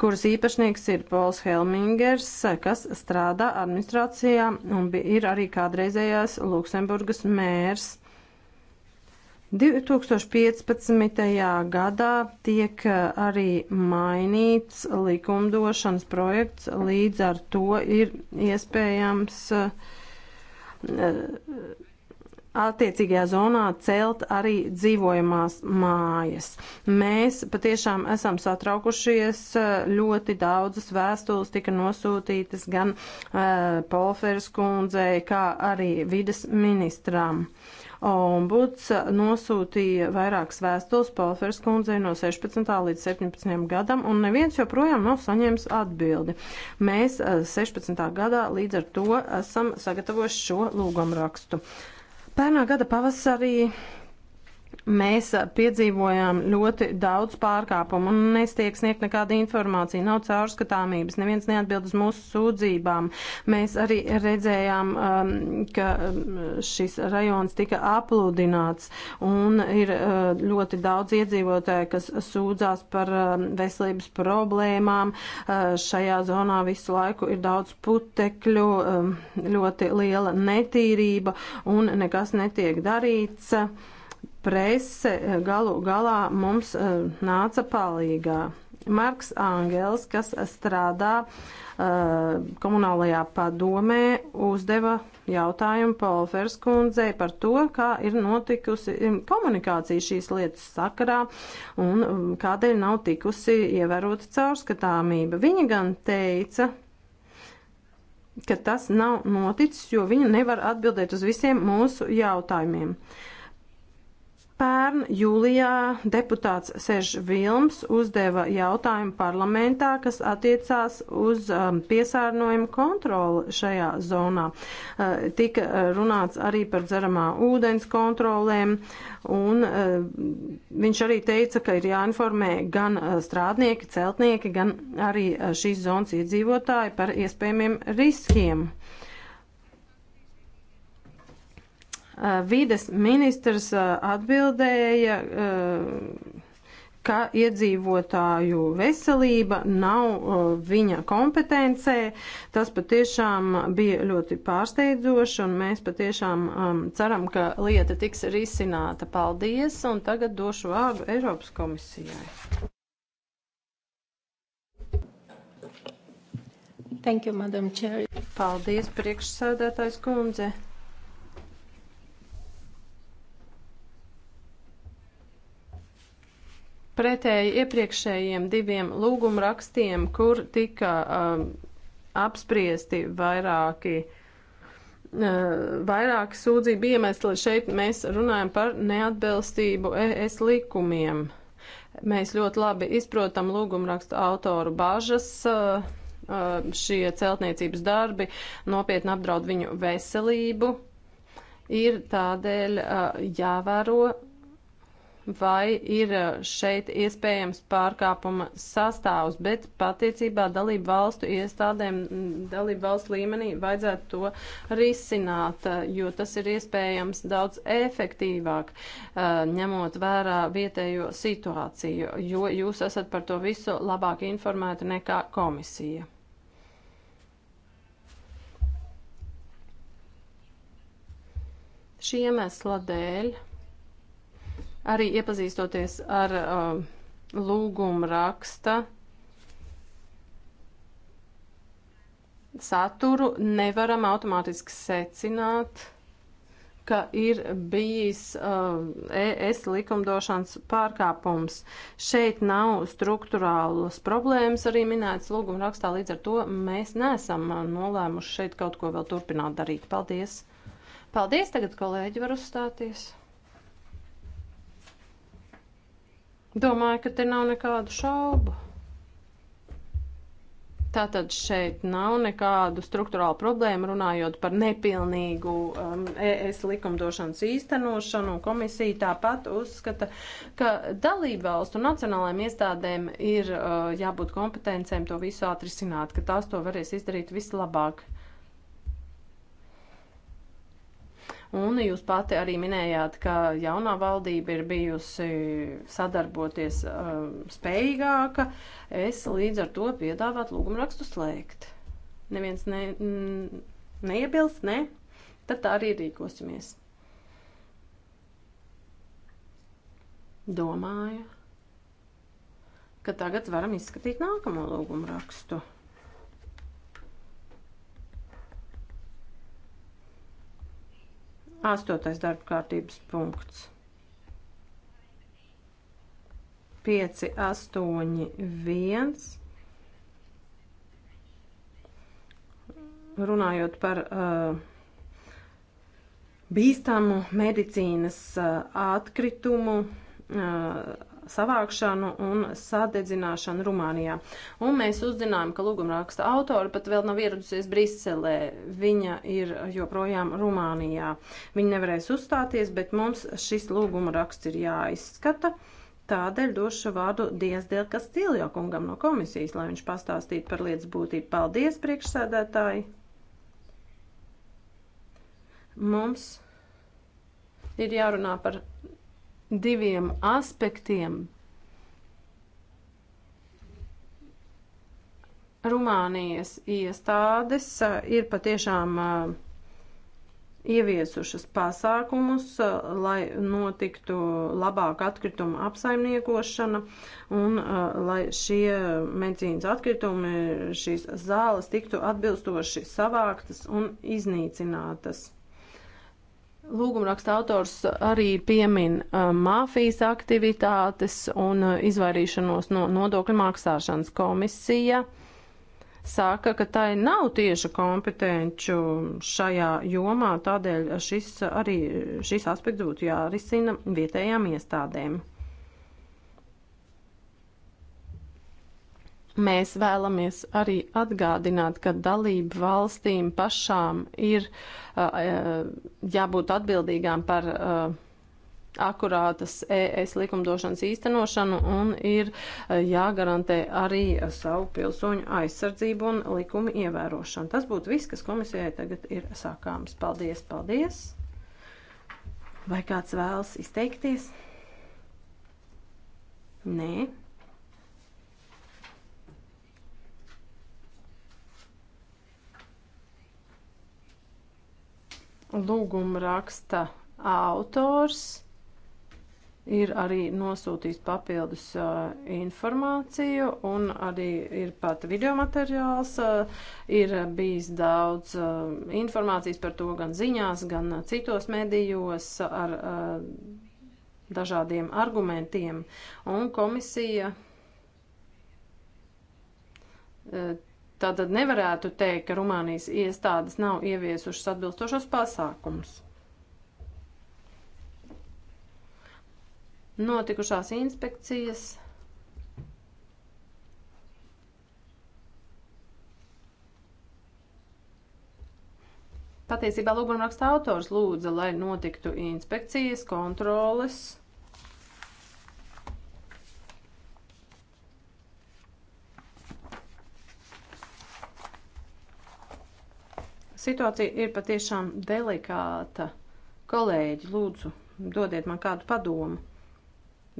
kuras īpašnieks ir Pols Helmingers, eh, kas strādā administrācijā un ir arī kādreizējās Luksemburgas mērs. 2015. gadā tiek arī mainīts likumdošanas projekts, līdz ar to ir iespējams uh, attiecīgajā zonā celt arī dzīvojamās mājas. Mēs patiešām esam satraukušies, ļoti daudzas vēstules tika nosūtītas gan uh, Polferas kundzei, kā arī vides ministram. Ombuds nosūtīja vairākas vēstules Polferas kundzei no 16. līdz 17. gadam, un neviens joprojām nav saņēmis atbildi. Mēs 16. Eh, gadā līdz ar to esam sagatavojuši šo lūgumrakstu. rakstu. Pērnā gada pavasarī mēs piedzīvojām ļoti daudz pārkāpumu un nestiek sniegt nekāda informācija, nav caurskatāmības, neviens neatbild uz mūsu sūdzībām. Mēs arī redzējām, um, ka um, šis rajons tika apludināts un ir uh, ļoti daudz iedzīvotāju, kas sūdzās par um, veselības problēmām. Uh, šajā zonā visu laiku ir daudz putekļu, um, ļoti liela netīrība un nekas netiek darīts. Uh, Prese eh, galu galā mums eh, nāca palīgā. Marks Angels, kas strādā uh, komunālajā padomē, uzdeva jautājumu Polfers kundzei par to, kā ir notikusi komunikācija šīs lietas sakarā un mm, kādēļ nav tikusi ievērota caurskatāmība. Viņa gan teica, ka tas nav noticis, jo viņa nevar atbildēt uz visiem mūsu jautājumiem. Uh, Pērn jūlijā deputāts Sež Vilms uzdeva jautājumu parlamentā, kas attiecās uz um, piesārņojumu kontroli šajā zonā. Uh, tika uh, runāts arī par dzeramā ūdens kontrolēm, un uh, viņš arī teica, ka ir jāinformē gan uh, strādnieki, celtnieki, gan arī uh, šīs zonas iedzīvotāji par iespējamiem riskiem. Uh, Eh, vides ministrs eh, atbildēja, eh, ka iedzīvotāju veselība nav viņa kompetencē. Tas patiešām bija ļoti pārsteidzoši, un mēs patiešām um, ceram, ka lieta tiks risināta. Paldies, un tagad došu vārdu Eiropas komisijai. Thank you, Madam Chair. Paldies, priekšsēdētājs kundze. Pretēji iepriekšējiem diviem lūgumrakstiem, kur tika um, apspriesti vairāki uh, vairāk sūdzību iemesli. Šeit mēs runājam par neatbilstību ES likumiem. Mēs ļoti labi izprotam lūgumrakstu autoru bažas. Uh, uh, šie celtniecības darbi nopietni apdraud viņu veselību. Ir tādēļ uh, jāvēro vai ir eh, šeit iespējams pārkāpuma sastāvs, bet patiecībā dalību valstu iestādēm, dalību valstu līmenī vajadzētu to risināt, eh, jo tas ir iespējams daudz efektīvāk, eh, ņemot vērā vietējo situāciju, jo jūs esat par to visu labāk informēti nekā komisija. Šī iemesla dēļ Arī iepazīstoties ar uh, um, lūgumu raksta saturu, nevaram automātiski secināt, ka ir bijis uh, um, ES likumdošanas pārkāpums. Šeit nav struktūrālas problēmas arī minētas lūguma rakstā, līdz ar to mēs nesam uh, nolēmuši šeit kaut ko vēl turpināt darīt. Paldies! Paldies! Tagad kolēģi var uzstāties! Domāju, ka te nav nekādu šaubu. Tātad šeit nav nekādu struktūrālu problēmu runājot par nepilnīgu um, ES likumdošanas īstenošanu, un komisija tāpat uzskata, ka dalību valstu nacionālajiem iestādēm ir uh, jābūt kompetencēm to visu atrisināt, ka tās to varēs izdarīt vislabāk. Un jūs pati arī minējāt, ka jaunā valdība ir bijusi sadarboties um, spējīgāka. Es līdz ar to piedāvātu lūgumrakstu slēgt. Neviens ne, m, neiebilst, ne? Tad tā arī rīkosimies. Domāju, ka tagad varam izskatīt nākamo lūgumu rakstu. Astotais darba kārtības punkts. 5, 8, 1. Runājot par uh, bīstamu medicīnas uh, atkritumu uh, savākšanu un sadedzināšanu Rumānijā. Un mēs uzzinājām, ka lūgumraksta autora pat vēl nav ieradusies Briselē. Viņa ir joprojām Rumānijā. Viņa nevarēs uzstāties, bet mums šis lūgumraksts ir jāizskata. Tādēļ došu vārdu Diezdēļ Kastīljo kungam no komisijas, lai viņš pastāstītu par lietas būtību. Paldies, priekšsēdētāji! Mums ir jārunā par diviem aspektiem. Rumānijas iestādes eh, ir patiešām eh, ieviesušas pasākumus, eh, lai notiktu labāka atkrituma apsaimniekošana un lai šie medicīnas atkritumi, šīs zāles tiktu atbilstoši savāktas un iznīcinātas. Lūgumraksta autors arī piemin uh, mafijas aktivitātes un uh, izvairīšanos no nodokļu maksāšanas komisija. Saka, ka tai nav tieša kompetenču šajā jomā, tādēļ šis, arī šis aspekts būtu jārisina vietējām iestādēm. Mēs vēlamies arī atgādināt, ka dalību valstīm pašām ir uh, jābūt atbildīgām par uh, akurātas ES likumdošanas īstenošanu un ir uh, jāgarantē arī savu pilsoņu aizsardzību un likumu ievērošanu. Tas būtu viss, kas komisijai tagad ir sākāms. Paldies, paldies! Vai kāds vēlas izteikties? Nē. Nee. Lūguma raksta autors ir arī nosūtījis papildus uh, informāciju un arī ir pat video materiāls. Uh, ir bijis daudz uh, informācijas par to gan ziņās, gan citos medijos ar uh, dažādiem argumentiem. Un komisija uh, Tātad nevarētu teikt, ka Rumānijas iestādes nav ieviesušas atbilstošos pasākumus. Notikušās inspekcijas. Patiesībā lūguma raksta autors lūdza, lai notiktu inspekcijas, kontroles. situācija ir patiešām delikāta. Kolēģi, lūdzu, dodiet man kādu padomu.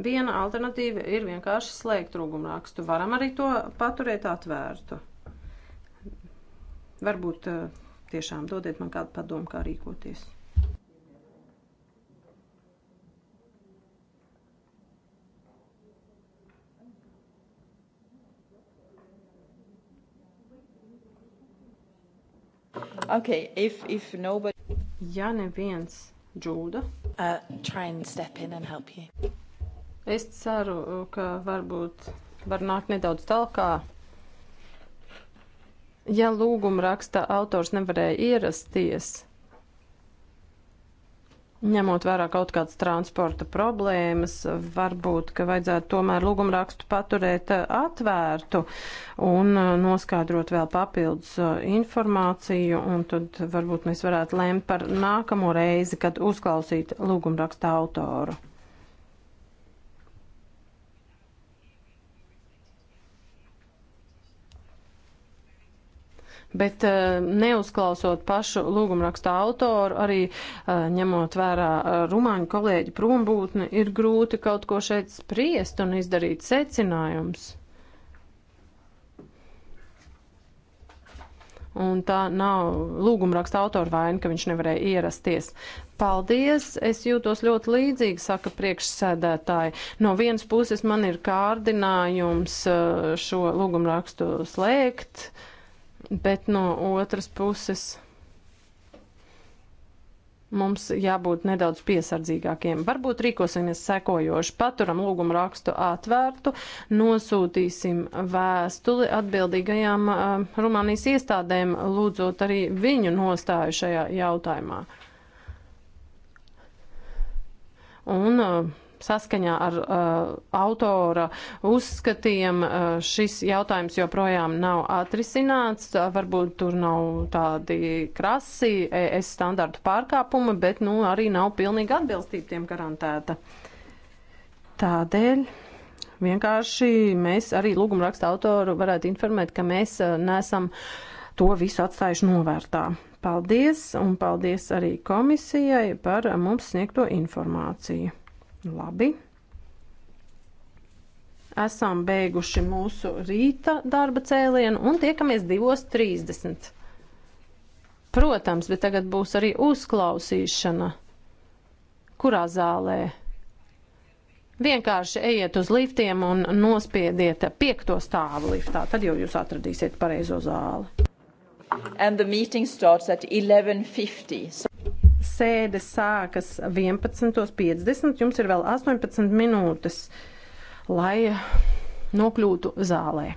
Viena alternatīva ir vienkārši slēgt lūgumrakstu. Varam arī to paturēt atvērtu. Varbūt eh, tiešām dodiet man kādu padomu, kā rīkoties. Okay, if, if nobody... Ja neviens, Džūda. Uh, try and step in and help you. Es ceru, ka varbūt var nākt nedaudz talkā. Ja lūguma raksta autors nevarēja ierasties, Ņemot vērā kaut kādas transporta problēmas, varbūt, ka vajadzētu tomēr lūgumrakstu paturēt eh, atvērtu un eh, noskaidrot vēl papildus eh, informāciju, un tad varbūt mēs varētu lēmt par nākamo reizi, kad uzklausīt lūgumrakstu autoru. bet eh, neuzklausot pašu lūgumrakstu autoru, arī eh, ņemot vērā eh, rumāņu kolēģi prombūtni, ir grūti kaut ko šeit spriest un izdarīt secinājums. Un tā nav lūgumraksta autora vaina, ka viņš nevarēja ierasties. Paldies! Es jūtos ļoti līdzīgi, saka priekšsēdētāji. No vienas puses man ir kārdinājums šo lūgumrakstu slēgt. Uh, bet no otras puses mums jābūt nedaudz piesardzīgākiem. Varbūt rīkosimies sekojoši, paturam lūgumu rakstu atvērtu, nosūtīsim vēstuli atbildīgajām uh, Rumānijas iestādēm, lūdzot arī viņu nostāju šajā jautājumā. Un uh, saskaņā ar uh, autora uzskatiem uh, šis jautājums joprojām nav atrisināts. Uh, varbūt tur nav tādi krasi ES standartu pārkāpumi, bet nu, arī nav pilnīga atbilstība tiem garantēta. Tādēļ vienkārši mēs arī lūgumraksta autoru varētu informēt, ka mēs uh, nesam to visu atstājuši novērtā. Paldies, un paldies arī komisijai par mums sniegto informāciju. Labi. Esam beiguši mūsu rīta darba cēlienu un tiekamies 2.30. Protams, bet tagad būs arī uzklausīšana. Kurā zālē? Vienkārši ejiet uz liftiem un nospiediet piekto stāvu liftā, tad jau jūs atradīsiet pareizo zāli. And the meeting starts at 11.50. So Sēde sākas 11.50. Jums ir vēl 18 minūtes, lai nokļūtu zālē.